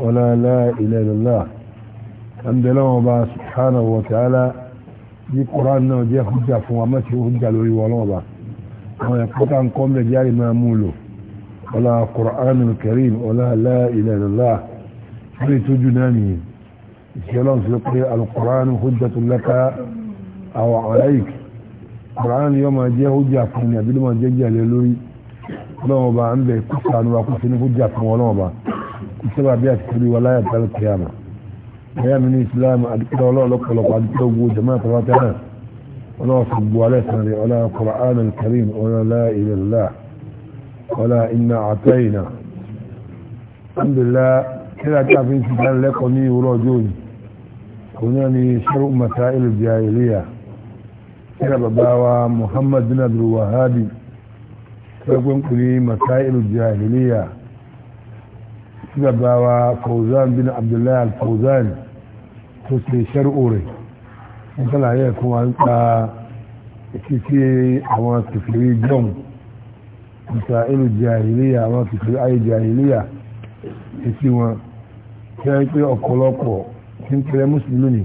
ولا لا إله إلا الله الحمد لله وبا سبحانه وتعالى في قرآن نو جي حجة فوامتي وحجة لوري ولوبا ويقطع قوم لجاري ما مولو ولا قرآن الكريم ولا لا إله إلا الله حيث جناني السلام سيقري القرآن حجة لك أو عليك القرآن يوم جي حجة فوامتي بلما جي لوري ولوبا عنده كسان وكسن حجة فوامتي ìṣẹ́bà bí àti kiri wọlé àti alkiyama ẹ̀yà mi ní islam àdìkọ́ ọlọ́ọ̀lọ́pọ̀lọpọ̀ àdìkọ́ ogun jama tọ́lọ́tẹ́ náà ọlọ́ọ̀ fi bu alẹ́ sàn rẹ̀ ọlá qur'an al-karim ọlọ́lá ilẹ̀lá ọlá iná àtẹ́yìnà alhamdulillah kíra tí a fi ń fi lẹ́kọ̀ọ́ ní ìwúrọ̀ ọjọ́ òní tí bàbá wa Fawzan bin Abdullahi al-Fawzan tó ṣe ṣẹ́rù rẹ̀ ń sàlàyé ẹ̀kọ́ wa ń pa ìkíkí àwọn kìfìrí jọ́m nípa ìlú jahiliya àwọn kìfìrí ayé jahiliya ìkí wọn tí wọ́n pé ọ̀pọ̀lọpọ̀ tí ń pẹ̀lẹ́ mùsùlùmí ni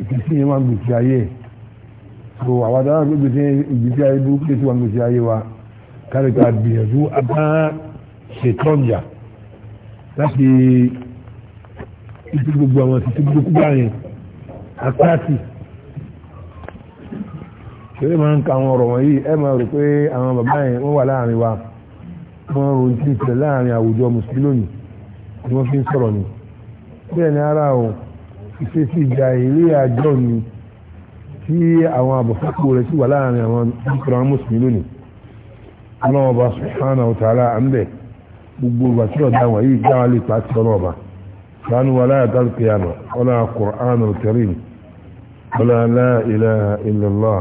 ìkíkí yẹn wọn gbèsè ayé so àwọn àtàwọn gbèsè ìgbésí ayé burúkú tí wọn gbèsè ayé wa kárí ká gbìyànjú abá ṣètọ́jà láti títí gbogbo àwọn títí gbogbo gbà yẹn àtàtì ṣeré máa ń ka àwọn ọ̀rọ̀ wọ̀nyí ẹ máa rò pé àwọn bàbá yẹn wọ́n wà láàrin wa wọ́n rò tí ìṣẹ̀lẹ̀ láàrin àwùjọ mùsùlùmí lónìí ni wọ́n fi ń sọ̀rọ̀ ni bẹ́ẹ̀ ni ara ò ìṣesí ìjà ìlé àjọ ni tí àwọn àbọ̀fọ́pò rẹ̀ sì wà láàrin àwọn mùsùlùmí lónìí ọlọ́wọ́ bá subhanahu wa ta'ala à ń gbogbo ìwàtí ọ̀dá wà yìí dáwà lè pàtí ọlọ́ọ̀bà sánú wa láyà dálùkì àmà ọlá kùránù kẹrin ọlá láìlà ìlọ́lá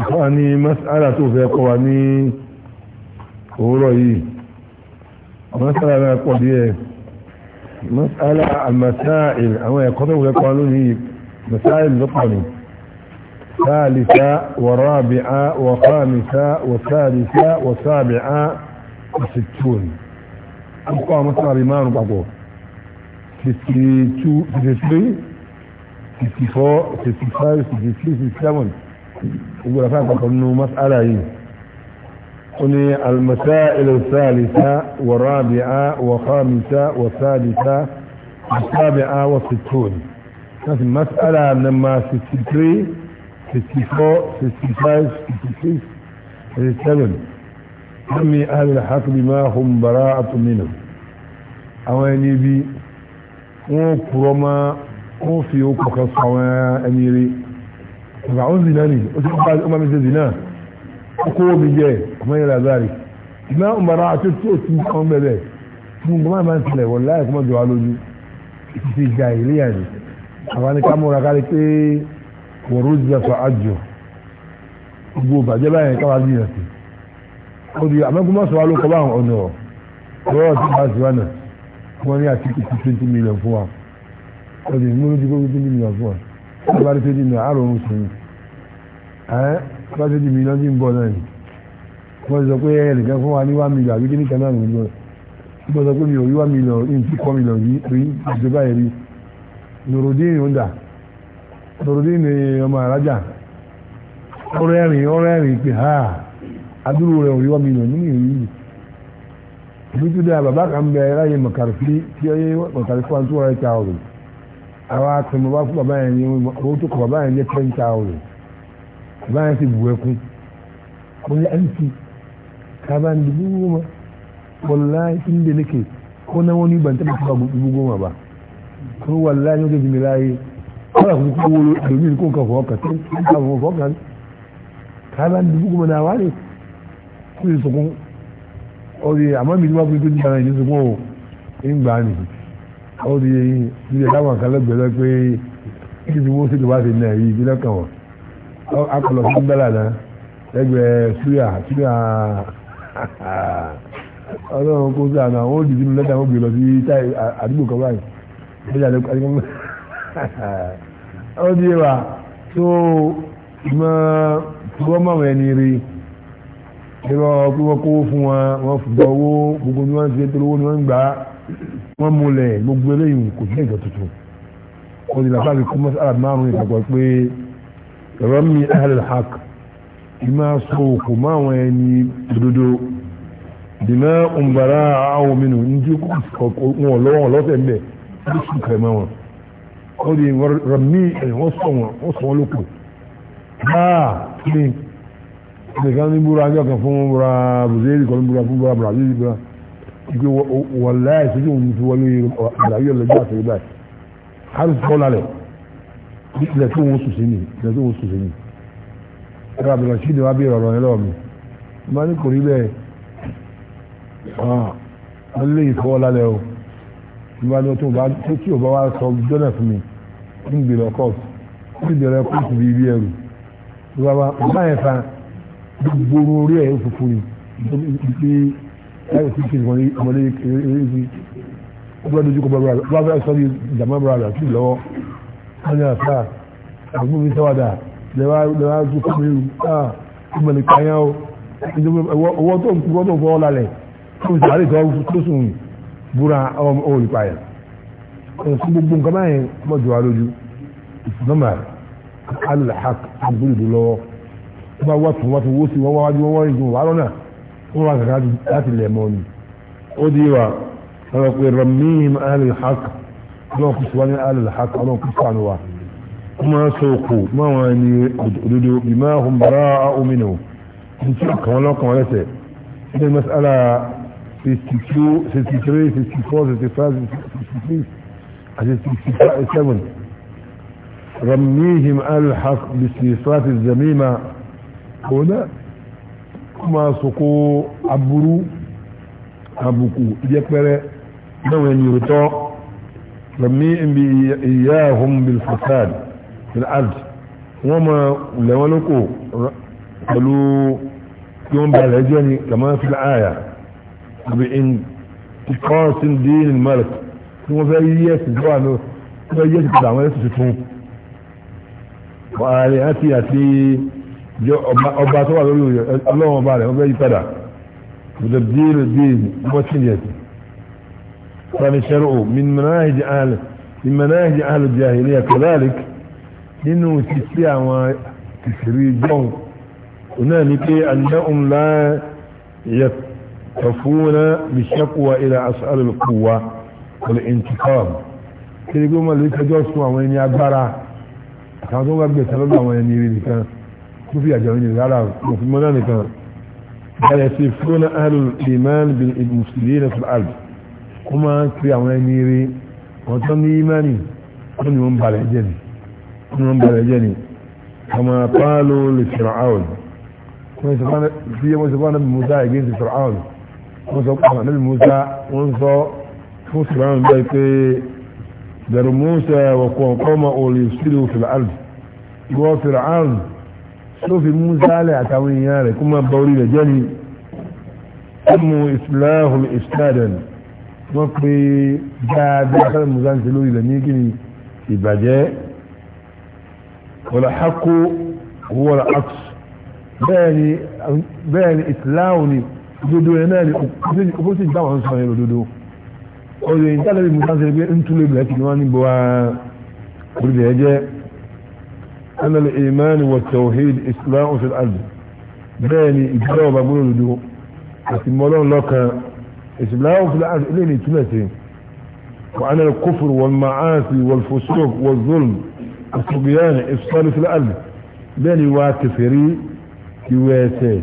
àfá ní mas'ala tó fẹ́ kọ́ wa ní òwúrọ̀ yìí mas'ala náà pọ̀ díẹ̀ mas'ala al-masail àwọn ẹ̀kọ́ tó fẹ́ kọ́ lónìí masáìl lọ́pọ̀ ni ثالثة ورابعة وخامسة وثالثة وسابعة وستون أبقى مثلا ريمان وبعضه 52 53 54 55 56 57 يقول فاتك أنه المسائل الثالثة والرابعة والخامسة والثالثة والسابعة والستون نفس المسألة لما 63 64 65 66 67 hami ahli hakbi ma hum bara'atu minhum àwọn ẹni bí wọ́n kúrọ ma wọ́n fi okùn kan sọ àwọn ẹni rí ọ̀gá ó zina ni ó ti kọ́ ọmọ mi ṣe zina ó kó omi jẹ ọmọ yẹn lazari ìgbà ń bara àti tí ó ti kàn bẹ̀rẹ̀ tí mo máa máa ń tilẹ̀ wọ̀ láì kó má ti ga ni àwọn ni ká múra ká lè pé wọ́n rú gbogbo bàjẹ́ káwá bí yàn odi amẹ́gbọ́n sọ alókọ̀ bá ọ̀nà ọ̀rọ̀ ti bá sí wánà wọ́n ní àti kìtì twenty million fún wa odi múlò ti kó twenty million fún wa wọ́n bá rí twenty million àrò òun sùn ẹ́ bá twenty million ti ń bọ̀ náà ni wọ́n sọ pé ẹ̀ nìkan fún wa ní one million àbí kíníkan náà nìkan wọ́n sọ pé mi ò rí one million ní ti four million rí rí ìjọba yẹn rí nùrùdín ń dà nùrùdín ni ọmọ àrájà ọrẹ́rìn ọrẹ́rìn pé háà adúrú rẹ̀ òrí wọ́n mi nínú ìrírí ìlú tó dáa bàbá kan bẹ láyé mọ̀kàrífì tí ó yé mọ̀kàrífì one two hundred thousand àwọn akẹ́mọ̀ bá fún bàbá yẹn ní owó tó kọ̀ bàbá yẹn ní ten thousand bàbá yẹn ti bù ẹkún mo ní mc kaba ní dubu goma wallahi inda nake ko na wani ban taɓa tuba dubu goma ba ko wallahi yau da jimilaye kawai kuma kowo domin kun ka fokan na ware kó lè sọkún ọdí àmọ́ mi ní wọ́n fi tó ní ara ìlú sọkún o ń gbà ní ọdí ilé táwọn kan lẹ́gbẹ̀ẹ́ pé kí ti wó sí ìlú wá sí ilẹ̀ yìí ìpínlẹ̀ kan wọ̀ akọlọ sí gbẹ́là náà lẹ́gbẹ̀ẹ́ súyà súyà ọlọ́run kó sí àná ó dìdí lẹ́dà ó gbé lọ sí àdúgbò kan báyìí lẹ́jà lẹ́kọ́ adigun ọdí wa tó ìmọ̀ tí wọ́n mọ̀ wọ́n ẹni rí ìrọ̀ pé wọ́n kówó fún wọn wọ́n fi gbọ́ owó gbogbo ni wọ́n ń ṣe torí owó ni wọ́n ń gbà á wọ́n múlẹ̀ gbogbo eléyìí kò sí ìjọ tuntun ó di làbáàbí kó mọ́ sára márùn-ún ìgbàgbọ́ pé ọ̀rọ̀ mi ahlul haq kì máa so òkò mọ́ àwọn ẹni òdodo dìmọ́ òǹbàrà àwọn mìíràn ní tí wọ́n lọ́wọ́ lọ́sẹ̀ mbẹ̀ ní sùn kẹrẹ mọ́ wọn ó di rọ̀ mí ẹ̀ wọ́n sọ wọn ó sọ wọn lóko báà nìkan ní búra ní ọ̀kan fún búra bùzẹ́rì kan búra fún búra bùrà yìí búra ìpè wọ̀lá ìṣẹ́jú òun ti wọlé bùrà yìí ọ̀lẹ́jọ́ àṣẹ ibà hàrí sọ́ lálẹ̀ ilẹ̀ tó wọ́n sùn sí ni ilẹ̀ tó wọ́n sùn sí ni ẹ̀rọ àbẹ̀rẹ̀ sí ni wọ́n á bí ìrọ̀rọ̀ yẹn lọ́wọ́ mi má ní kò rí bẹ́ẹ̀ wọ́n lé ìfọwọ́ lálẹ́ o nígbà tó tí ò bá wá sọ jọ́nà fún mi ń gbèrè ọkọ̀ ń gbèrè ọkọ̀ ìbí ẹrù ìgbà gbogbo orí ẹ̀ funfun ni pé láyé sí kí wọ́n ọmọdé eré sí ọgbọ́n dojú kọ bàbá rẹ̀ bàbá sọ́ọ́dì jàmá bàbá rẹ̀ sí lọ́wọ́ wọ́n ní àṣà àgbọ̀n mi sáwàdà lẹ́wà tó fún mi rù áà ọmọ ní kanyá o ọwọ́ tó ń kúrọ́ tó ń fọwọ́ lálẹ̀ tó ń sàárè tó sùn búra olùpa yẹn ẹ̀sùn gbogbo nǹkan báyẹn mọ́jọ́ wa lójú ìfúnnọ́mà alùlàhàk àgbọ̀n ìdúlọ́wọ́ wọ́n bá wá tún wọ́n fi wó sí wọ́n wá wájú wọ́n wá ìgbìmọ̀ wá lọ́nà wọ́n wá kàkà láti lẹ̀ mọ́ ni. ó di wa ọ̀rọ̀ pé ramihim alil haq ọlọ́run kò sí wá ní alil haq ọlọ́run kò sànù wa. wọ́n máa sọ òkú máa wọn ni òdodo bímá ahùn bàrà ominu ní tí ọkàn ọlọ́kàn ọlẹ́sẹ̀ ní masala sixty two sixty three sixty four sixty five sixty six àti sixty seven ramihim alil haq bisifati zamima òun náà ó máa sòkò aburú àbùkù ìjẹpẹrẹ náwọn ẹni òótọ́ lọ́mí ibi ìyá ahùn bil fasad bil ard wọ́n máa lẹ́wọ́n lóko pẹ̀lú tí wọ́n bẹ̀rẹ̀ jẹ́ ni kàmá fi láàyà àbí in ti kọ́ sí malik tí wọ́n fẹ́ yí ẹ̀sìn tó wà ní wọ́n fẹ́ yí ẹ̀sìn àwọn ẹ̀sìn tuntun wọ́n àárẹ̀ àti àti jọ ọba tó wà lórí òye ọlọ́wọ́n ọba rẹ̀ wọ́n fẹ́ yí padà bùdó díìrì díìrì wọ́n ti yẹ sí. sani sẹ́rù o min manahij ahl min manahij ahl jahiliya kadhalik nínú títí àwọn tìsírí jọ́n náà ni pé annahum la yattafuna bi shaqwa ila as'al al quwwa wal intiqam kiri gbọ́n àwọn ẹni agbára àtàwọn tó ń gbàgbé sálọ́dọ̀ àwọn ẹni rí nìkan tó fi àjọ ìyẹn rárá mo fi mọ́nà nìkan bẹ̀rẹ̀ sí fúnà ahlul iman bin musulmi na fil ard wọ́n máa ń pe àwọn ẹni rí wọ́n tán ní imani wọ́n ni wọ́n balẹ̀ jẹ́ ni wọ́n ń balẹ̀ jẹ́ ni kama qalu li fir'aun wọ́n sọ fún musa ẹgbẹ́ ti fir'aun wọ́n sọ fún anabi musa wọ́n sọ fún fir'aun bẹ́ẹ̀ pé dẹ̀rù musa wà kọ̀ọ̀kọ́ ma ò lè sílẹ̀ fil ló fi mú zálẹ̀ àtàwọn èèyàn rẹ̀ kó máa bá orí rẹ̀ jẹ́ ni ọmọ ìsìláhùn ìsìláàdàn wọ́n pe dáadáa sáré musa ń ṣe lórí rẹ̀ ní kí ni ìbàjẹ́ wọ́n hako wọ́n aks bẹ́ẹ̀ ni ìsìláhùn ni òdodo yẹn náà ni ó sì gbà wọ́n sọ yẹn òdodo ọ̀rọ̀ ìtàlẹ́bí musa ń ṣe pé ń túlẹ̀ bẹ̀rẹ̀ kì í wọ́n ní bọ́ wá orí rẹ̀ jẹ́ أن الإيمان والتوحيد إصلاح في الأرض باني إجراء بقول لكن أتمولون لك إصلاح في الأرض إليني ثلاثين وأن الكفر والمعاصي والفسوق والظلم والصبيان إفصال في الأرض باني واكفري كواسي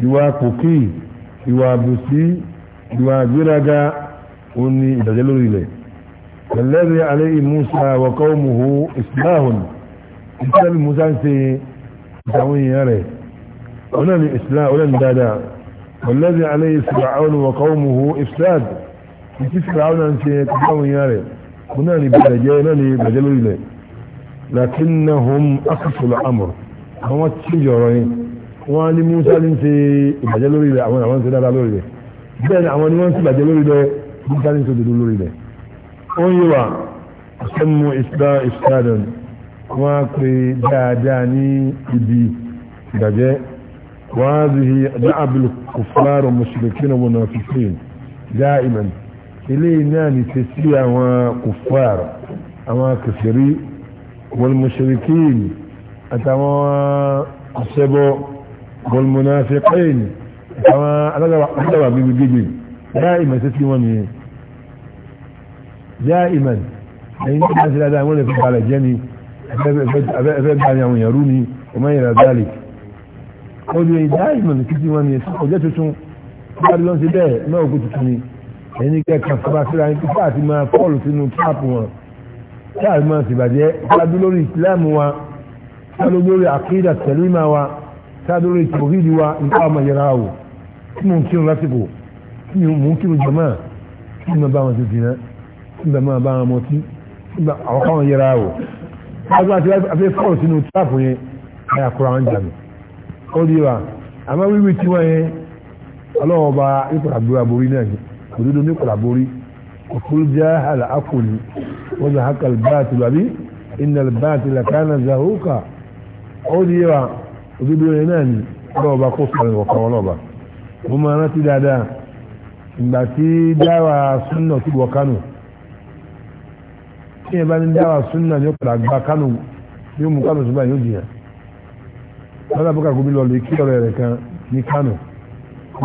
كواكوكي يوابسي يوابرقا وني إدجلوا إليه الذي عليه موسى وقومه إصلاح ìtàn mi musa ń ṣe ìtàwọn èèyàn rẹ̀ wọn náà ní islam wọn náà ní dáadáa wọn lẹ́sì aláyé Fir'aun wa qawmuhu ifsad ìtì Fir'aun náà ń ṣe ìtàwọn èèyàn rẹ̀ wọn náà ní bàjẹ́ jẹ́ náà ní bàjẹ́ lórí rẹ̀ lakinnahum aqsul amr àwọn tí yọ̀rọ̀ yìí wọ́n ní musa ní ṣe ìbàjẹ́ lórí rẹ̀ àwọn àwọn ń ṣe dáadáa lórí rẹ̀ bẹ́ẹ̀ ni àwọn ni wọ́n ń ṣe ìbàjẹ́ lórí rẹ̀ musa ní ṣe òdodo lórí rẹ̀ ó ń yíwa sẹ́mu ìsìlá ìsìlá dání wọ́n á pe dáadáa ní ibi ìdàjẹ́ wọ́n á zihi dáàbìlì kòfàrò mùsùlùmí na wọn fi fi dáìmọ̀ ilé náà ní ti sí àwọn kòfàrò àwọn kẹfẹ́rí wọn mùsùlùmí àtàwọn ọ̀sẹ́bọ̀ wọn mùnàfẹ́kẹ́yìn àtàwọn alágbàbà bíbí gígì dáìmọ̀ sí sí wọn nìyẹn dáìmọ̀ ẹ̀yin náà ti dáadáa wọn lè fi balẹ̀ jẹ́ ni ẹfẹ́ gba àwọn èèyàn rú ni ọmọ ìrà dálì ó lè dá ìmọ̀ ní títí wọn ni ẹ̀sìn ọjọ́ tuntun bá lọ́n sí bẹ́ẹ̀ náà òkú tuntun ni ẹni kẹkàn fọba síra ní pípa àti máa pọ́ọ̀lù sínú táàpù wọn táàpù máa sì bàjẹ́ táàdú lórí ìsìláàmù wa táàdú lórí àkídà tẹ̀límà wa táàdú lórí tòhídì wa nípa ọmọ yẹra wò tí mò ń kírun lásìkò tí mò ń kírun jẹ̀mọ́ tí mo bá wọn ti dìnnà tí mo bá wọn mọtí agbá ti afẹ́ fọ́ọ̀ sínú tíráàpù yẹn àyà kura wọn jà mí ó di wa àmọ́ wíwí tí wọ́n yẹn ọlọ́wọ́ bá ìkọ̀lá borí aborí náà ni òdodo ní ìkọ̀lá borí òkúrú jẹ́ àlà àkòlì wọ́n zà hákà báàtì lọ́bí iná báàtì làkàna zà hókà ó di wa òdodo yẹn náà ni ọlọ́wọ́ bá kó sọ̀rọ̀ ọ̀kan ọlọ́ba mo máa rántí dáadáa ìgbà tí dáwà súnà tí wọ́n kánò tí ẹ bá ní dáwà súnà ní ọ̀pọ̀lọpọ̀ àgbà kánò yóò mú kánò ṣùgbọ́n yóò jìyà lọ́dà bó kàkó bí lọ lè kí ọ̀rẹ́ rẹ̀ kan ní kánò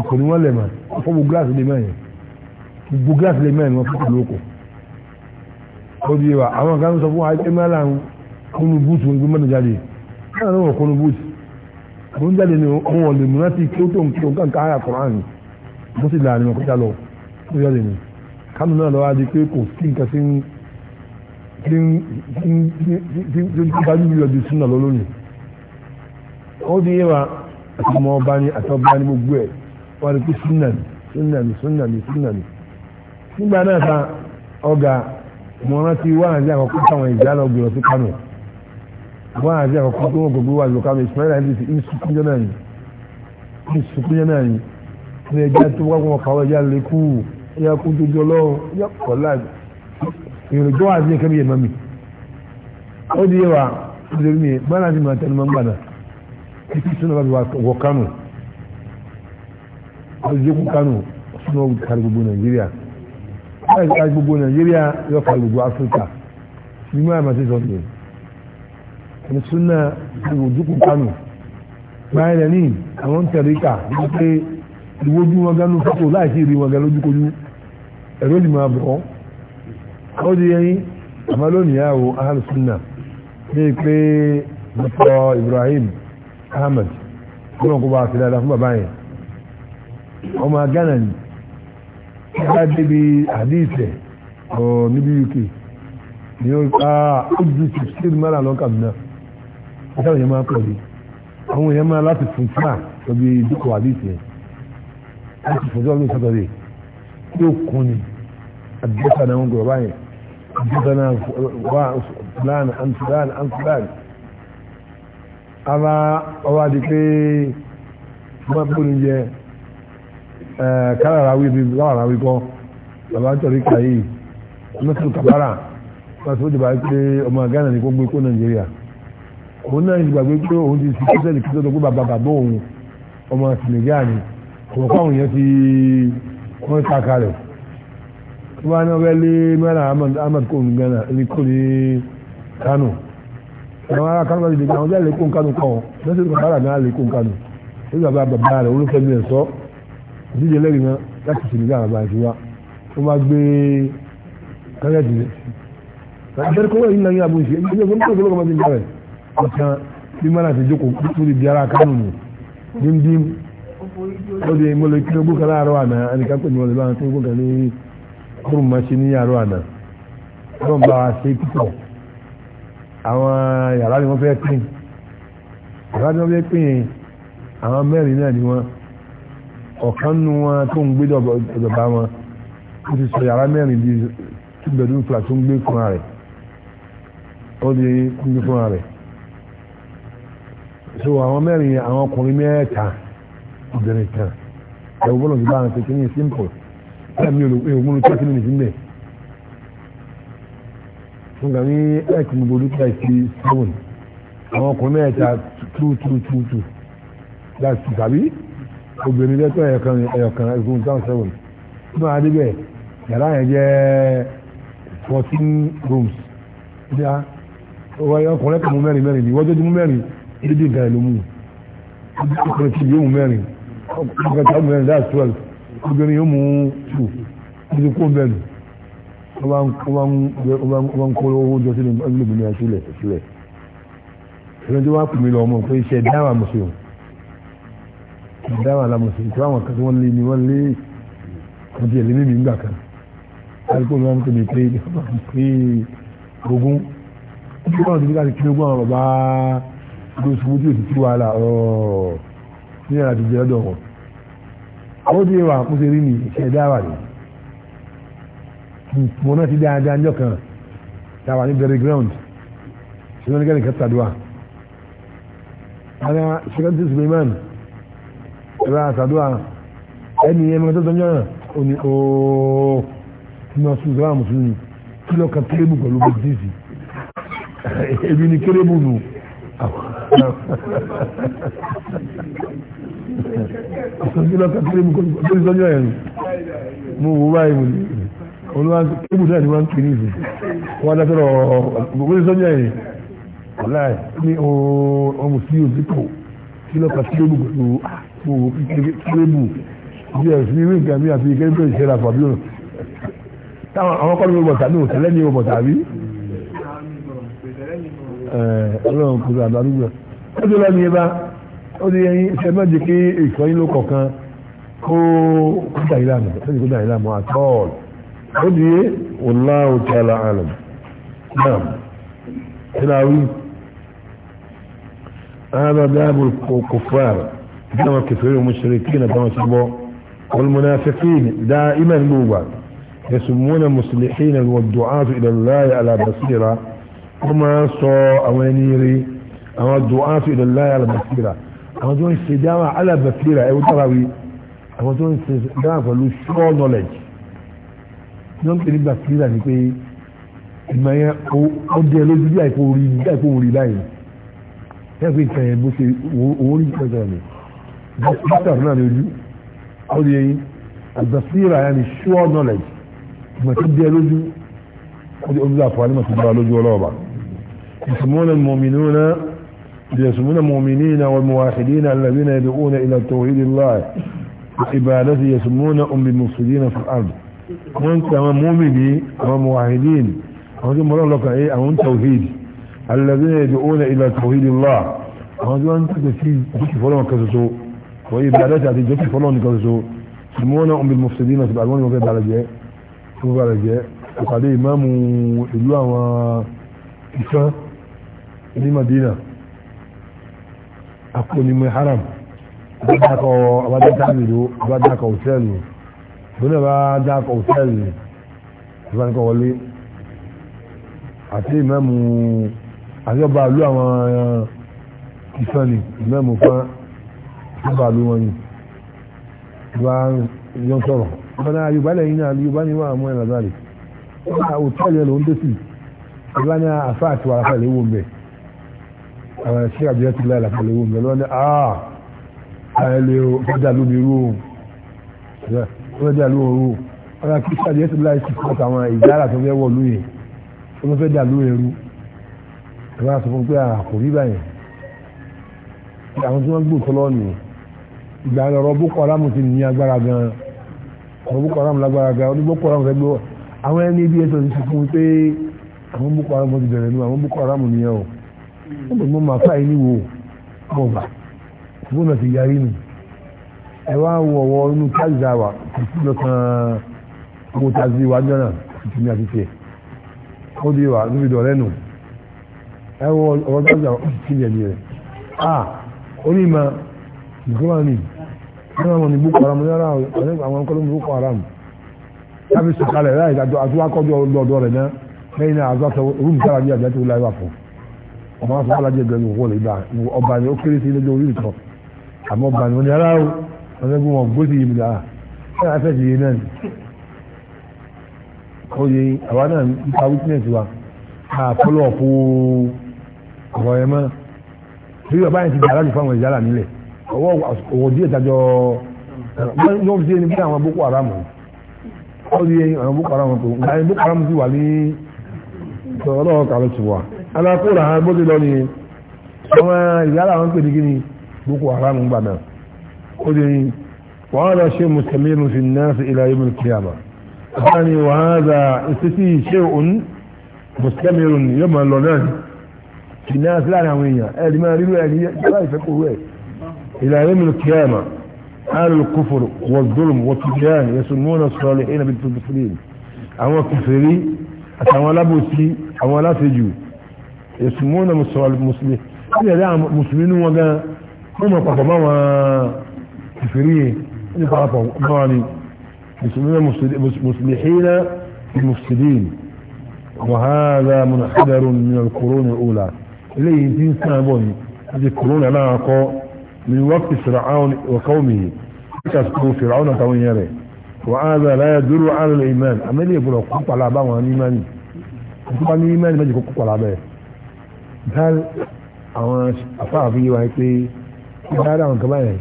kò ní wọ́n lẹ̀ mà fọ́ bu gíláàsì lè mẹ́rin bu gíláàsì lè mẹ́rin wọn fún ìlú oko ó di wa àwọn kan sọ fún ayé máa là ń kúnú búùtù wọn gbé mọ́tò jáde náà ló wọ̀ kúnú búùtù àwọn jáde ni wọn ò lè mú láti kí ó tó ń kí ó kàn ká àyà sì là ní ọkọ̀ jálọ̀ ó jáde ni kánò náà lọ́wọ́ á di pé kò sí nǹkan sí ń tí ń gbájú bí ọdún súnà lọ́lọ́nì ó di yé wa àti ọmọ ọba ni àti ọba ni gbogbo ẹ̀ wọ́n rí pé súnà ni súnà ni súnà ni súnà ni nígbà náà ta ọgà mo rántí wá àti àkọ́kọ́ táwọn ìjà lọ gbèrò sí kánò wá àti àkọ́kọ́ tó wọ́n gbogbo wà lọ kánò ìsúná ìlànà ìdí ìsúkúnjọ́ náà ni ìsúkúnjọ́ náà ni ní ẹja tó wọ́n kọ́ ẹja lè kú ẹja kú tó jọ lọ́wọ́ kọ́ láàbì èrò tó wà sí ẹkẹ bí mami ó di yẹ wa ó di yẹ bá náà ti máa tẹnu máa ń gbàdá títí sínú bá fi wọ kánò ó di yẹ kó kánò sínú ó kárí gbogbo nàìjíríà ó yẹ kárí gbogbo nàìjíríà yóò kárí gbogbo áfíríkà ní mọ́ àmà sí sọ ní ẹni súnà ìwòdúkú kánò báyìí rẹ̀ ní àwọn tẹ̀ríkà wípé ìwójú wọn gánú fọ́tò láì ìrìn wọn gánú lójúkojú ẹ̀rọ ìlú máa bọ̀ ọ́ ó di ẹyin àmọ́ lónìí àwọ ahàlùsùnà bíi pé dr Ibrahim Ahmed gbọ́n kó bá fi dáadáa fún bàbá yẹn ọmọ Ghana ni bá débi àdìsẹ̀ ọ̀ níbi UK ni ó ká ojú ti ṣíri mara lọ́kà mìíràn ìtàwọn èèyàn máa pọ̀ ní àwọn èèyàn máa láti fún tíra lọ́bi ìdíkò àdìsẹ̀ láti fún tíra lọ́bi sátọ̀dẹ̀ tí ó kún ni àdìsẹ̀ náà ń gbọ̀ حدثنا فلان عن فلان عن فلان أما أوادي في ما بقول جه كلا راوي في لا راوي كو لا تري كاي مثل كبارا بس ودي بعد في أما جانا نكون بيكون نيجيريا هنا يبغى يقول هو دي سكتة اللي كده تقول بابا بابو أما سنغاني هو كان يسي كون ساكالو wọ́n á wẹ́ lé mẹ́rin ahmed ahmed kò ní ghana ní kò ní kánò àwọn ará kánò bá ti dìgbà àwọn jẹ́ lè kó kánò kọ́ lọ́sẹ̀ tó bàbá àgbà lè kó kánò ó sì bàbá bàbá rẹ̀ olófẹ́ mi ẹ̀ sọ ìdíje lẹ́rìí náà láti sì nígbà bàbá àti wa ó máa gbé kánò dìde. àbẹ̀rẹ̀ kọ́wọ́ yìí náà yín àbúrò ṣe ẹgbẹ́ ìgbẹ́ ìgbẹ́ ìgbẹ́ ìgbẹ́ ìgbẹ́ ìgbẹ́ ọ̀kan bí mọ́nà ti jókòó kúrò di ara kánò nù díndín ó di mọ́lẹ̀ kí ló gbó kan láàárọ̀ àná ẹnìkan pè mí wọlé báwọn tó gbó kan ní ọdún mọ́ ṣe ní àrò àná wọ́n bá wa ṣe púpọ̀ àwọn yàrá ni wọ́n fẹ́ pín yàrá ni wọ́n fẹ́ pín àwọn mẹ́rin náà ni wọ́n ọ̀kan nu wọn tó ń gbé dọ̀bà wọn ó ti sọ yàrá mẹ́rin di two bedroom flat tó ń gbé fúnra rẹ̀ ó di ń gbé fúnra rẹ̀ so àwọn mẹ́rin àwọn ọkùnrin mẹ́ta obìnrin kan ẹ̀wọ̀n bọ́lọ̀ ti bá àwọn kékeré simple ẹ̀mí olùmúlò tí a ti ní nìyí mẹ́ fún gàmí ẹ̀kì gbogbo dúkìá sí seven àwọn ọkùnrin mẹ́ta two two two two that's two tàbí obìnrin lẹ́tọ̀ ẹ̀yọ̀kan ẹ̀yọ̀kan ẹ̀gbọ́n down seven fún àwọn adébẹ̀ yàrá yẹn jẹ́ fourteen rooms ya ọkùnrin kan mú mẹ́rin mẹ́rin ni wọ́jọ́ tí mú mẹ́rin ilé dìgbà ẹ̀ ló mú ọkùnrin tí yóò mú mẹ́rin ọkùnrin tí yóò mú mẹ́rin that's twelve obìnrin yóò mú tù ó ti kó bẹ́ẹ̀ nù ọba ń kó owó jọ sílẹ̀ ẹlòmíràn sílẹ̀ sílẹ̀ ẹlòmíràn tó wá pè mí lọ ọmọ pé iṣẹ́ dáwà mùsùlùmí dáwà la mùsùlùmí tí wọ́n tí wọ́n lé ni wọ́n lé ọdí ẹ̀lẹ́ mímí ń gbà kan alukóòlù wọn tó lè pé pé ogún tí wọ́n ti fi láti kí ogún àwọn bàbá lóṣù tí o ti tú wàhálà ọ̀ọ́ ní àlàjì ọ̀dọ̀ wọn ó dé wà kó ṣe rí mi ìṣe dáwà ni mo náà ti dáadáa ńjọ́ kan dáwà ní bẹ̀rẹ̀ ground ṣe lọ́nà gẹ́gẹ́ kẹtàdúrà ara ṣẹkẹ́ntì Suleiman ẹ̀rọ àtàdúrà ẹni ẹ̀mọ tó tọ́jọ́ náà ó ní ooo ní ọ̀sùn ìṣẹ́lá mùsùlùmí kí lọ́ọ́ kan kérébù pẹ̀lú bẹ́ẹ̀ dìísì ebi ni kérébù nù àwọn ìsọ̀njúlọ kàkiri mú kó ní sọ́jọ́ ẹ̀rù mú wò báyìí mú ní olúwa kébù náà ni wọ́n ń pè ní ìsìn wọ́n dá sọ́rọ̀ gbogbo ní sọ́jọ́ ẹ̀rù ọ̀láì ní ọmọ sí òsìkò kílọ kàkiri mú kó wò kéré mú bí ẹ̀sìn ní ìgbà mi àti kéré mú ìṣẹ́ra fàbíọ̀n táwọn àwọn kọ́ni mú bọ̀tà ní òtẹ́lẹ́ ní òbọ̀tà rí. Eh, ọlọ́run kò sí àdárúgbà ó ti lọ́ọ́ ní ibà ó ti yẹn ṣe má jẹ́ kí ìfọ́ yín ló kọ̀ọ̀kan kó kúta ìlànà ó ti kúta ìlànà àtọ́ọ̀lù ó di wallahu ta'ala alam náà ìlàwí هذا داب الكفار دام الكفرين والمشركين دام الصبو والمنافقين دائما نوبا يسمون المصلحين والدعاة إلى الله على بصيره wọ́n máa sọ àwọn ẹni rí àwọn dùn fi ìdọ̀láyà alàbàtìrà àwọn tó ń ṣe dáhà alàbàtìrà ẹ̀wọ́n tára wí àwọn tó ń ṣe dáhà pẹ̀lú sure knowledge ló ń pè ní bàtìrà ni pé ìmọ̀ yẹn ó dé lójú bí àìkú orí bí àìkú orí báyìí yẹn fi kàn yẹn bó ṣe owó rí pẹ̀lú mi bàtìrà náà ní ojú ó di yẹn àbàtìrà yẹn ni sure knowledge ìmọ̀ tó dé lójú ó di olùdó àfọwọ́ ní màtí bá lójú ọlọ́ọ̀bà. يسمون المؤمنون يسمون المؤمنين والموحدين الذين يدعون إلى توحيد الله وعبادته يسمون أم المفسدين في الأرض وانت مؤمني وموحدين هذه مرة لك ايه او توحيد الذين يدعون الى توحيد الله هذا انت تسيب جيك فلان كذسو وعبادته عتي جيك فلان كذسو يسمون أم المفسدين في الأرض وانت على جاء شوف على وقال امام الله وإسان ní Madina akónimọ̀ haram abadakọ̀ abadakọ̀ abadakọ̀ òtẹ́ẹ̀lì lónà abadakọ̀ òtẹ́ẹ̀lì ìfanikọ̀ wọlé àti ìmẹ́mù àti ọba àlú àwọn ìfẹ́ni ìmẹ́mù fún ọba àlú wọn yìí ìwà yọ sọ̀rọ̀ ọ̀nà Yorùbá lẹ́yìn náà Yorùbá ni wọ́n àmú ẹ̀ nàzàlè ọ̀nà òtẹ́ẹ̀lì ẹ̀ ló ń dé sí ìbá ní àfáà àti wàràfà lè wò mẹ́ẹ̀ àwọn ẹ̀ṣẹ́ àbíyá ti láìlà pẹ̀lú ohun bẹ̀rẹ̀ wọ́n ní àà ah, àìlè ọjà lómi rú ohun ọjà lómi rú ọjà kí sàbíyá ti láì ti pọ̀ àwọn ìjára tó fẹ́ wọ̀ lóye tó fẹ́ dà lóye rú ẹ̀rọ àti fún pé àkò ah, rí báyìí àwọn tí wọ́n gbò tọ́lọ́ nù ìgbà ọ̀rọ̀ boko haram ti ní agbára gan ọ̀rọ̀ boko haram lágbára gan ọdún boko haram fẹ́ gbọ́ àwọn ẹni bí ẹ̀sọ́ ti sọ fún mi pé àwọn boko haram ti bẹ̀rẹ̀ nù àwọn boko haram nìyẹn o ó bẹ̀ mọ́ màá fáyé níwò bọ̀bà bóun ti yarí nù ẹ wá wọ ọwọ́ inú káyìíra wa kò sí lọ́kàn owó tá a ti wá jọ́nà tuntun ní àtúnṣe ó di wa níbi dọ̀rẹ́ nù ẹ wọ ọwọ́ káyìíra wa ó ti kílẹ̀ ní rẹ̀ a onímọ̀ nìkan wà ní nínú àwọn ní boko haram ní àwọn ọkọ̀ lóun boko haram tábí sọ̀kalẹ̀ láì àtúwákọ́jọ́ ọdọ̀ rẹ̀ náà lẹ́yìn náà àzọ́ rúùmù sára ní àjẹ́ tó láyé wà fún un ọmọ àwọn sọ́kọ́ alájẹ gbẹ̀rù wọlé ibà ọba ni ó kéré sí ilé orí ìtọ́ àmọ́ ọba ni wọ́n ní aráàlú wọ́n ní wọn gbó sí ibi dáa ẹ̀ afẹ́ ti yé náà ni ó yẹ àwa náà nípa witness wa ká fọ́lọ́ ọ̀pọ̀ ọ̀rọ̀ ẹ̀ mọ́ bí ọba yẹn ti dà aláàlú fáwọn ìyálà nílẹ̀ ọwọ́ òwò díẹ̀ tajọ wọ́n fi ṣe ni bí àwọn Boko Haram ó yẹ àwọn Boko Haram tó ń gbà Boko Haram ti wà ní ọlọ́ọ̀kà ló ti wà alákùnrin àwọn bó ti lọ ni àwọn ìyára àwọn pè ní kí ni boko haram ń gbà náà ó di ni wọ́n lọ ṣe mùsùlùmí rufin náà sí ilẹ̀ ibùn kiyama wọ́n ni wọ́n za ìsísí ṣe òun mùsùlùmí rufin yóò máa lọ náà sí náà sí láàrin àwọn èèyàn ẹ̀rí máa rírú ẹ̀rí yára ìfẹ́ kò rẹ̀ ilẹ̀ ibùn kiyama آل الكفر والظلم والتبيان يسمون الصالحين بالمسلمين أو كفري أتولى بوسي أو لا تجو يسمون المسلمين إذا دعا مسلمين وقا هم قطبا كفرين اللي قطبا يعني يسمون مسلمين المفسدين وهذا منحدر من القرون الأولى إليه دين سنبوني هذه القرون علاقة من وقت فرعون وقومه كسبوا فرعون تويره وهذا لا يدل على الإيمان أما ليه يقول قطع لعبا وعن إيماني قطع الإيمان ما يقول على لعبا hal àwọn afáàfin yìí wáyé pé ìdára àwọn kaba yẹn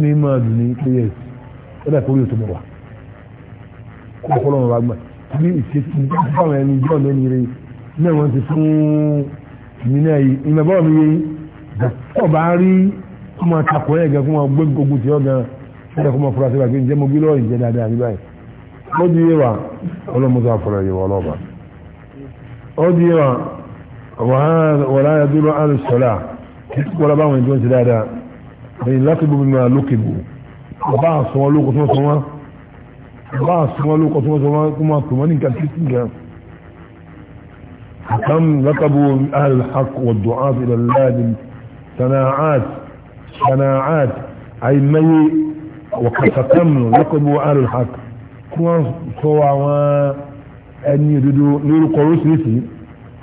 ní máa dùn ní pé yẹs ó dà kórìí tó mọ̀ wá kó kọ́lọ́ wọn bá gbà ní ìṣesí báwọn ẹni jọ́ mi nire náà wọ́n ti fún mi náà yìí ìmọ̀ báwọn mi yé kọ́ bá rí ọmọ àtàkùn yẹn gan fún wọn gbé gbogbo tí wọ́n gan ẹ̀rọ kọ́ mọ̀ fura sí wa pé ǹjẹ́ mo gbé lọ́ọ̀rì jẹ́ dáadáa ní báyìí ó di yé wa ọlọ́mọdé àfọlọ́ yìí wọ́n ọlọ́ba ó di yé wa. وهذا ولا يدل على الصلاة ولا بعض من يجون سلادا بين لقبوا بما لقبوا بعض صوالو لوقوا سوا سوا بعض سوا لوقوا سوا سوا كما كمانين كان تسنجا كم لقبوا أهل الحق والدعاة إلى الله صناعات صناعات أي مي وكتم لقبوا أهل الحق كما سوا أن يدودوا نور قروس نسي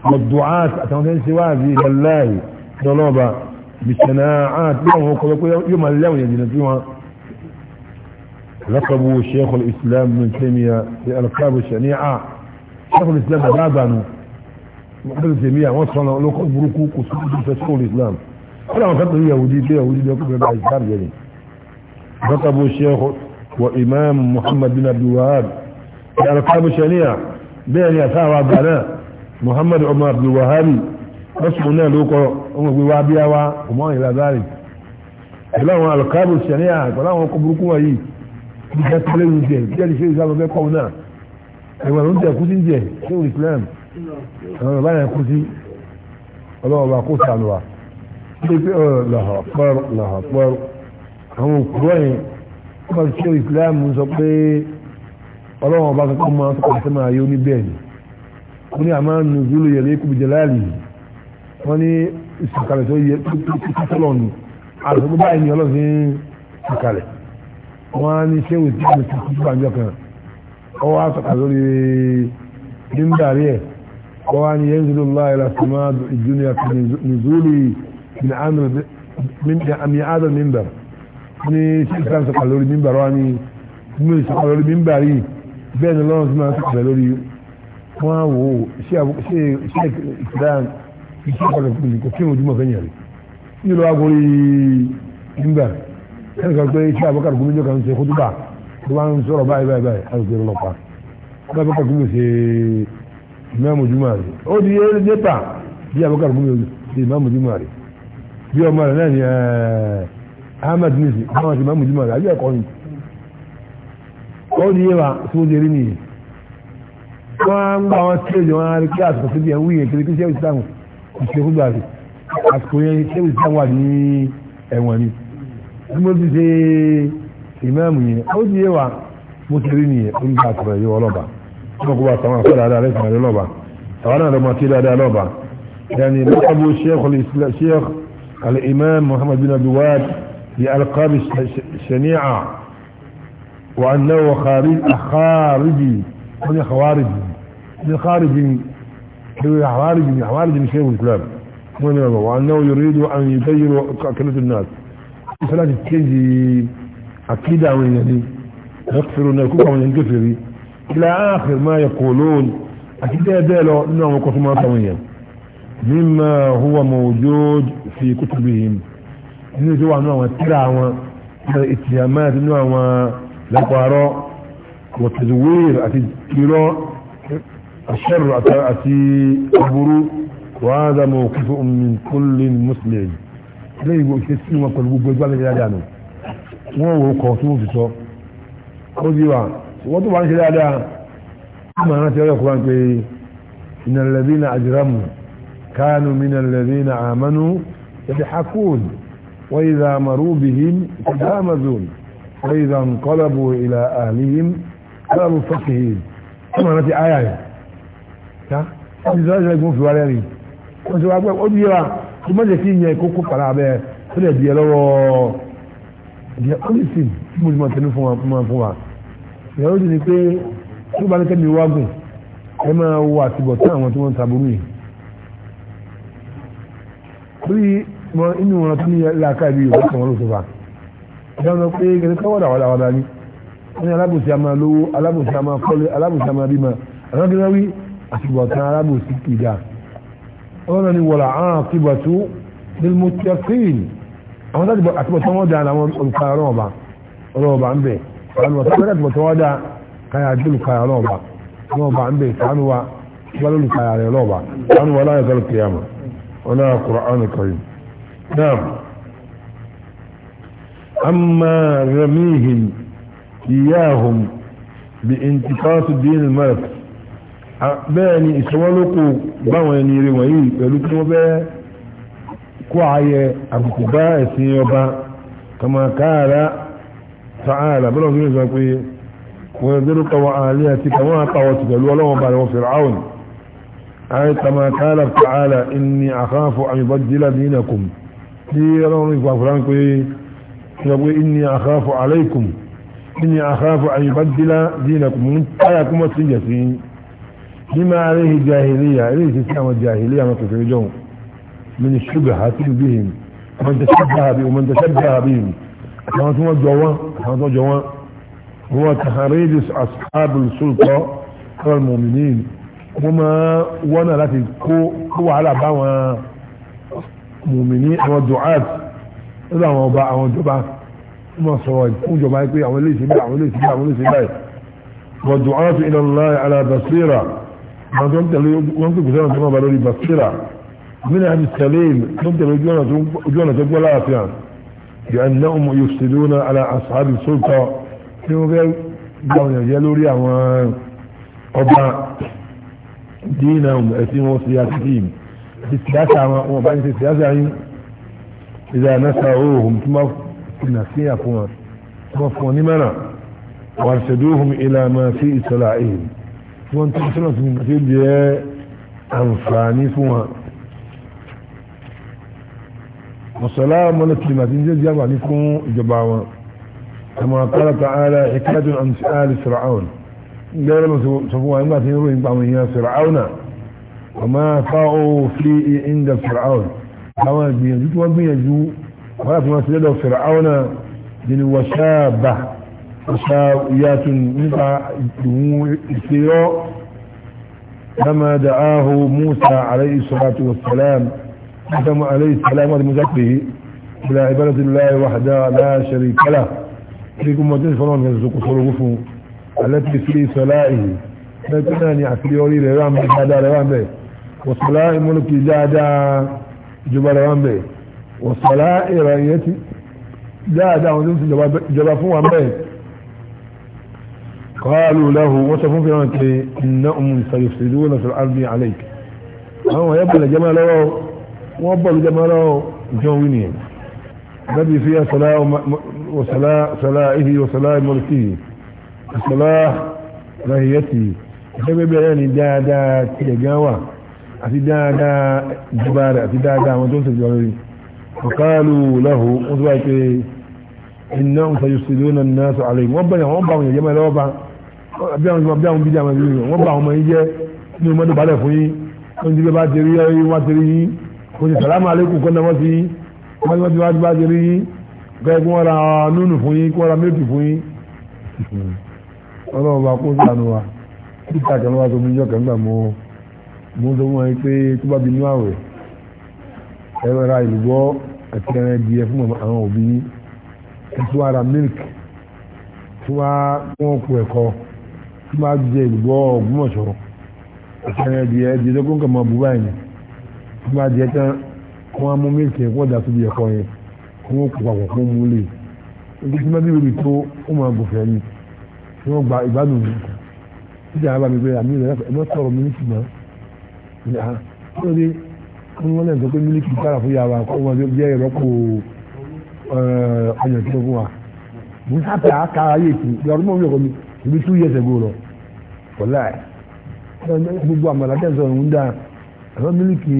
والدعاة أتمنى سوازي لله ضلوبة بشناعات يوم يوم اليوم يجنبها لقبوا شيخ الإسلام من تيمية بألقاب الشنيعة شيخ الإسلام بابانه مقبل تيمية وصل لقب بركوك وصول شيخ الإسلام كل ما كانت يهودي يهودي يقول بلا إسلام يعني لقبوا شيخ وإمام محمد بن عبد الوهاب بألقاب الشنيعة بين يسار وعبدالله muhammad ọmọ abdulwahabi lọ́sùn náà ló kọ́ ọmọ ìgbé wa abíyáwá ọmọ ìlà zari pẹ̀lú àwọn alukabu sẹ̀ríà pẹ̀lú àwọn ọkọ̀ burúkú wọ̀nyí bí jẹ́ sáré ń jẹ bí ẹni ṣe ń sábà fẹ́ kọ́ náà ẹ̀wọ̀n ló ń jẹ kú sí ń jẹ ṣé òun islam àwọn bàbá yẹn kú sí ọlọ́wọ́ bá kó sàlù wa ṣé pé ọ lọ́hà pọ́ọ́rọ́ àwọn òkúrọ̀ yẹn wọ́n bá ṣe islam sọ pé ọlọ́wọ́ bá sọ pé ọmọ sọ pé àti máa yọ wọ́n ní àmà nùzúlù yẹlẹ́ kùbù jẹ́láàlì wọ́n ní ìsìnkalẹ̀ tó yẹ tọ́lọ̀ nù àlùkò báyìí ni ọlọ́sìn ìsìnkalẹ̀ wọ́n á ní ṣé wòtí ìlú ti kú gbàǹjọ kan ọwọ́ àtọ̀kà lórí nígbàrí ẹ̀ ọwọ́ á ní yẹn zúlù láì lásìmá ìjúnìyà tó nùzúlù min amir min ami adam mimbar ni ṣe ìsìnkalẹ̀ sọ̀kà lórí mimbar wa ni mímú lórí mimbar yìí bẹ́ẹ̀ wọ́n wò ó ṣé ìsìláàmù iṣẹ́ ọ̀pọ̀lọpọ̀ pẹ̀lú kò kí ojúmọ̀ fẹ́ yẹn rí ní lọ́wọ́ agorí nígbà ẹnì kan pé iṣẹ́ àbọ̀kàrù gómìnà jọ kan ṣe kó túbà tó bá ń sọ̀rọ̀ báyìí báyìí báyìí àti ìṣòro ọlọ́pàá ó bá bọ́kàrù gómìnà ṣe ìmáàmù júmọ̀ rẹ̀ ó di eré nípa bí àbọ̀kàrù gómìnà ṣe ìmáàmù júmọ̀ rẹ̀ bí ọmọ rẹ̀ náà ni eh, Ahmed nisi ọmọ ṣe ìmáàmù júmọ̀ rẹ̀ àbí ẹ̀kọ́ ni ó di eré wa tó ń ṣe eré nìyí wọ́n ń gba àwọn stage wọn rí kí àsìkò síbi ẹ̀ ń wí yẹn kiri kí sẹ́wìsì táwọn ìṣèkú gbà rí àsìkò yẹn sẹ́wìsì táwọn wà ní ẹ̀wọ̀n ni bí mo ti ṣe ìmáàmù yẹn ó ti yé wa mo ti rí nìyẹn ó ń gba àtọ̀rọ̀ yìí ọlọ́ba ọmọ kó bá sàwọn àfẹ́ dáadáa rẹ̀ sàrẹ̀ lọ́ba àwọn náà lọ́mọ kí dáadáa lọ́ba yẹn ni mọ́tàbù هم خوارج من خارج خوارج من خوارج من شيء الاسلام وأنه يريد أن يبين كلمه الناس فلا تتجي اكيد من يدي يعني يغفر ونكوكا من ينكفر إلى آخر ما يقولون أكيدا يدالوا أنهم قسما طويا مما هو موجود في كتبهم إنه جوا نوع التراوة إلى الاتهامات نوع لقواروا وتزوير أتي كيلو الشر أتي أبرو وهذا موقف من كل مسلم ليه يقول كيسي ما قلبو بيجوا لك الأدانو وهو قوتو في سو أوزيوا وطبعا كلا دا ما نتيجة القرآن كي إن الذين أجرموا كانوا من الذين آمنوا يضحكون وإذا مروا بهم تهامزون وإذا انقلبوا إلى أهلهم aláàmú fọ́ọ̀kì yìí ọmọ náà ti áyà yìí ṣá wọ́n ti sọ́ọ́sì ẹ̀gbọ́n fi wálé rí wọ́n ti wá pẹ́ ó bíyà kó má jẹ́ kí ìyẹn kókó pàrọ̀ abẹ́ ó lè di ẹ lọ́wọ́ the only thing tí mo ti máa tẹnu fún wa fún wa ìyàwó ti ni pé tó bá ní kẹ́mi wá gùn ẹ máa wọ àtibọ̀ tí àwọn tí wọ́n ń taburú yìí torí inú wọn tó ní làákàyè bí yorùbá kan wọn ló sọ fà ìdáná pé kẹ́kẹ́ wọ́dà wọ́n ní alábòsí a máa lówó alábòsí a máa a máa bímọ àwọn kí wọ́n wí àtìgbà tán alábòsí kì í dà wọ́n náà ní wọ̀là àwọn àtìgbà tó nílùú tẹ́kìn àwọn àtìgbà tó wọ́n dà àwọn olùkọ́ ọlọ́ọ̀bà ọlọ́ọ̀bà ń bẹ̀ àtìgbà tó wọ́n dà káyà jẹ́ olùkọ́ ọlọ́ọ̀bà wa إياهم بانتقاص الدين الملك باني إسوالكو بواني روائي ولكم بيه كوعي أبكباء سيوبا كما قال تعالى بلغ يزاكوي ويذلك وآليتك وقوتك الولوم بل وفرعون أي كما قال تعالى إني أخاف أن يبدل دينكم ديرون فلانكوي يقول إني أخاف عليكم إني أخاف أن يبدل دينكم آيكم وسيجتين لما عليه جاهلية عليه سلام الجاهلية ما تفعلون من الشبهة بهم ومن تشبه بهم ومن تشبه بهم أخوانتهم الجوان جوان الجوان هو تحريض أصحاب السلطة على المؤمنين وما وانا التي هو على بعض مؤمنين ودعاة إذا ما باع ودعاة wọ́n sọ̀rọ̀ fún ìjọba pé àwọn ilé ìṣẹ́bí àwọn ilé ìṣẹ́bí àwọn ilé ìṣẹ́bí báyìí wọ́n dùn án sí ilẹ̀ ńlá ala basira wọ́n tó ń tẹ̀lé wọ́n tó kùsẹ́rọ̀ tó máa bá lórí basira min hadi salim tó ń tẹ̀lé ojú ọ̀nà tó gbọ́ láàfíà yànnà ọmọ yufsiduna ala asahabi sulta tí wọ́n fẹ́ gbà wọn yẹ lórí ìnà sí àfún wọn wọ́n fún wọn ní mẹ́rà wà ṣẹ̀dúhùn ìlànà sí ìṣọ́lá èyí wọ́n tó sọ́nà sí nǹkan tó jẹ́ àǹfààní fún wọn mọ̀sálá mọ́lẹ́kì màtí ń jẹ́ jẹ́ àǹfààní fún ìjọba wọn kama qala ta'ala hikayatun an ali fir'aun gẹ́gẹ́ lọ sọ fún wa nígbà tí ń ròyìn pa àwọn èèyàn fir'aun wọ́n máa fáwọ́ fi ìndà fir'aun àwọn ìgbìyànjú tí wọ́n gbìyànjú ولكن ما سيده فرعون دين وشابة وشاويات نفع السيرو لما دعاه موسى عليه الصلاة والسلام حكم عليه السلام ومذكره إلى عبادة الله وحده لا شريك له فيكم وجد فرعون يرزق صرفه التي في صلائه لكن يعفي يولي لرام بهذا رام به وصلاء ملك جادا جبل رام به wọ̀sọ̀lá ìrànyẹ́ ti dáadáa wọn tó ń fi ìjọba fún wa bẹ́ẹ̀ kọ́ọ̀lù lẹ́hu wọ́n sọ fún fìràn pé iná òun ìsàlùsìlú wọn sọ arbi alek àwọn ọ̀yẹ́ bọ̀lẹ̀ jẹ́mọ́ lọ́wọ́ wọ́n bọ̀lù jẹ́mọ́ lọ́wọ́ john william nabi fi wọ̀sọ̀lá sọ̀lá ihi wọ̀sọ̀lá mọ̀lùkì wọ̀sọ̀lá ìrànyẹ́ ti ìjọba bẹ̀rẹ̀ ni dáadáa tilẹ̀ gan wa àti dáadáa ìjọba rẹ̀ àti dáadáa àwọn tó ń sèjọ́ lórí فقالوا له أدوات إنهم سيفسدون الناس عليهم وبنا وبعهم يا جماعة وبعهم بيعهم بيعهم بيعهم وبعهم ما يجي ni mo dọ̀bálẹ̀ fún yín wọ́n ti gbé bá tẹ̀rí yín wá tẹ̀rí yín kò ní sàlámù alẹ́kùn kọ́ náà wọ́n ti yín wọ́n ti wá ti bá tẹ̀rí yín kọ́ ẹ̀kún wọn ra núnù fún yín kí wọ́n ra méjì fún yín ọlọ́run bá kó sànù wa títà kan wá tóbi àti ẹran adìyẹ fún àwọn òbí tí wọ́n ra milk tí wọ́n kú ẹ̀kọ́ tí wọ́n jẹ ìgbọ́ Ògbómọ̀ṣọ́ àti ẹran adìyẹ adìyẹ tó kún kàn máa bú báyìí tí wọ́n jẹ tán wọ́n á mú milk yẹn wọ́n dà síbi ẹ̀kọ́ yẹn wọ́n kú papọ̀ fún mú lè ibi tí wọ́n bí tó wọ́n máa gòfẹ́ ni tí wọ́n gba ìgbádùn mi títí àwọn bàbá mi pé àmì ìrẹ̀lẹ́fẹ̀ ẹ̀ fún wọn náà sọ pé mílíkì kára fún yàrá kó wọn tó jẹ́ ìrọ́pò eh, ọyàn tí fún wa mo sábà kára yé ètò ìyàrá mọ̀ mi ọkọ mi ibi two years ago lọ wọ́lá ẹ̀ gbogbo àmàlà tẹ̀sán ọ̀hún dáa àwọn mílíkì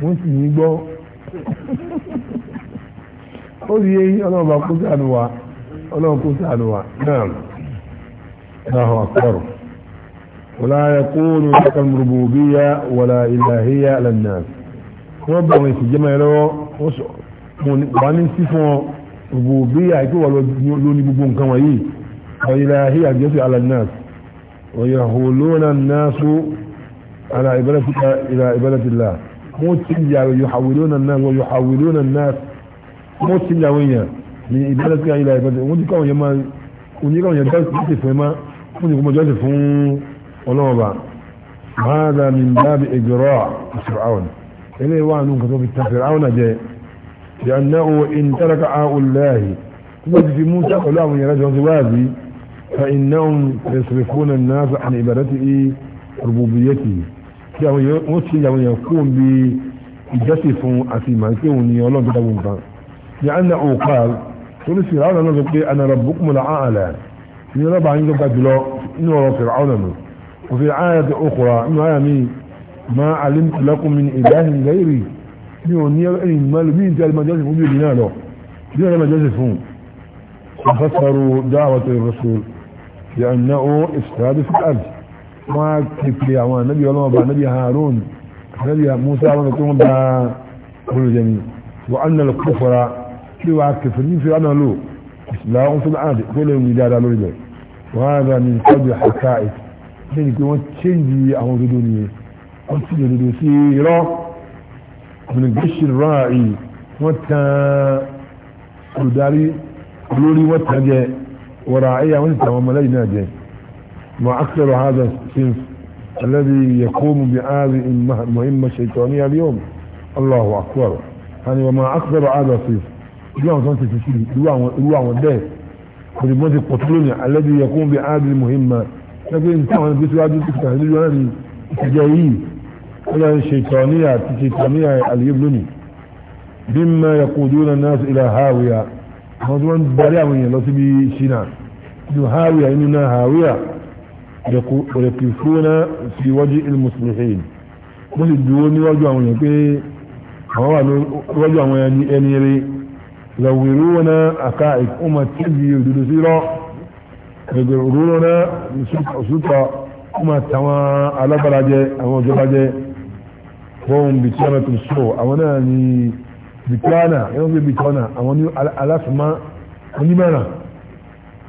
wọ́n sì ní gbọ́ ó rí eyín ọlọ́run kó sáànù wa ọlọ́run kó sáànù wa náà náà àkọrọ̀ wọ́lá ẹ̀kọ́ ní ọ̀kọ̀ rububiyya wọ́lá ilahiyya lẹ́nàá wọ́n bá àwọn ìsìnjẹ́ máa lọ́wọ́ wà ní sí fún ọ òbò bí àìkú wà lóní gbogbo nǹkan wọ̀nyí ọ̀yẹ̀lá híyà jésù alanas ọ̀yẹ̀ hòlónà náṣó ala ìbẹ́lẹ̀tìlá ìlà ìbẹ́lẹ̀tìlá wọ́n ti ń yà yọ hàwìlónà náà wọ́n yọ hàwìlónà náà wọ́n ti ń yà wọ́n yà ní ìbẹ́lẹ̀tìlá ìlà ìbẹ́lẹ̀tìlá wọ́n wọ́n ti kọ́ إليه وعنون كتب التفسير عونا جاي لأنه إن ترك آه الله وجد موسى قلاه يرجع زواجي فإنهم يصرفون الناس عن عبادته ربوبيته وسي يكون بجسف أسيما كون يولون بدون لأنه قال قل فرعون نقول أنا ربكم الأعلى من ربع عندك جلو إنه فرعون وفي آية أخرى إنه آية ما علمت لكم من إله غيري mi ò ní ẹni mẹ́lú bí n tẹ́ ẹlẹ́mọ̀ jọ́sìn fún bí ìdínà lọ bí ẹlẹ́mọ̀ jọ́sìn fún ọ̀fẹ́sọ̀rọ̀ dáwọ̀tọ̀ ìrọ̀sọ̀ yànnà ó ìsìláàdì fúkàdì wọ́n á képe àwọn anábì ọlọ́mọba anábì Harun anábì Musa wọn tó ń bá olùjẹ ni wọ́n á nà lọ́kọ́ fọ́ra kí wọ́n á képe ní fìlà náà lò ìsìláàdì fún wọ́n ti lòdòdò sí irọ́ ọ̀nàgbèsì ráàyè wọ́n tan olùdarí olórí wọ́n tan jẹ wọ́ra ẹ̀yà wọ́n ti tàn wọ́n mọ́lẹ́yìn náà jẹ mọ́ akẹ́rọ̀ hàdà sinf alẹ́bí yẹ̀kọ́mù bí áàbí mọ̀hìnmọ̀ ṣètò ní abiyom allahu akbar àni wọ́n mọ́ akẹ́rọ̀ hàdà sinf irú àwọn tó ń tètè sí irú àwọn bẹ́ẹ̀ kò ní wọ́n ti pọ̀ tó lónìí alẹ́bí yẹ̀kọ́mù bí áàbí mọ̀hìnmọ̀ ṣẹ́gbẹ́ ní táwọn ẹgbẹ́ síwájú ti kàn ولا شيطانية شيطانية اليبلني بما يقودون الناس إلى هاوية موضوعا بريعوني لو تبي شنا هاوية إننا هاوية ويقفون في وجه المصلحين wọ́n sì dúró níwájú àwọn èèyàn pé àwọn wà níwájú àwọn ẹni eré lọ́wọ́rú wọn náà àká ìkúmọ̀ tíbi òdòdó sí rọ́ ẹgbẹ̀rún wọn náà sùtọ̀ ọmọ àtàwọn alágbára jẹ àwọn ìjọba jẹ wọ́n bí tí wọ́n tó sọ àwọn náà ní bìtánà ẹ̀wọ́n bí bìtánà àwọn ní alásùmá onímọ̀ràn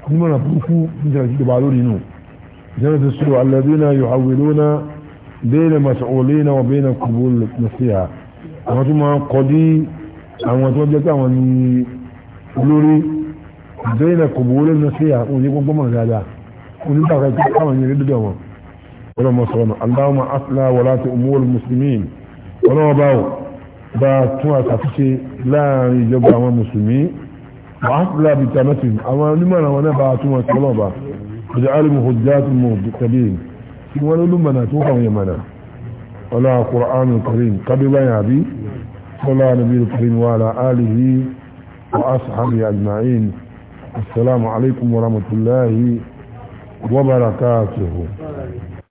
onímọ̀ràn burúkú níjàrá ti dọ̀bà lórí inú ìjọba tó sọ alladhina yuhawwiluna bayna mas'ulina wa bayna qubul nasiha àwọn tó máa kọ́ dí àwọn tó jẹ́ pé àwọn ní nasiha òye gbogbo mọ̀ dáadáa onígbà kan tó káwọn yẹn lé dúdú àwọn ọlọ́mọ sọ̀rọ̀ Allahumma asla walati umur muslimin ọlọ́wọ́ bá wò bá tún àtàtúnṣe láàrin ìjọba àwọn mùsùlùmí wàhálà bíi tàmẹ́tì àwọn onímọ̀ràn àwọn náà bá tún wọn sọ́lọ́ bá ọjà alimu hujjá tún mọ̀ kẹ́lẹ́ kí wọ́n ló lùmọ̀nà tó kàwọn yẹn mọ̀nà ọlá kùránù kàrín kábí báyà bí sọlá nàbí kàrín wà lá àlìyí wa asàbí àjùmáyìn assalamu alaikum wa rahmatulahi wa barakatuhu.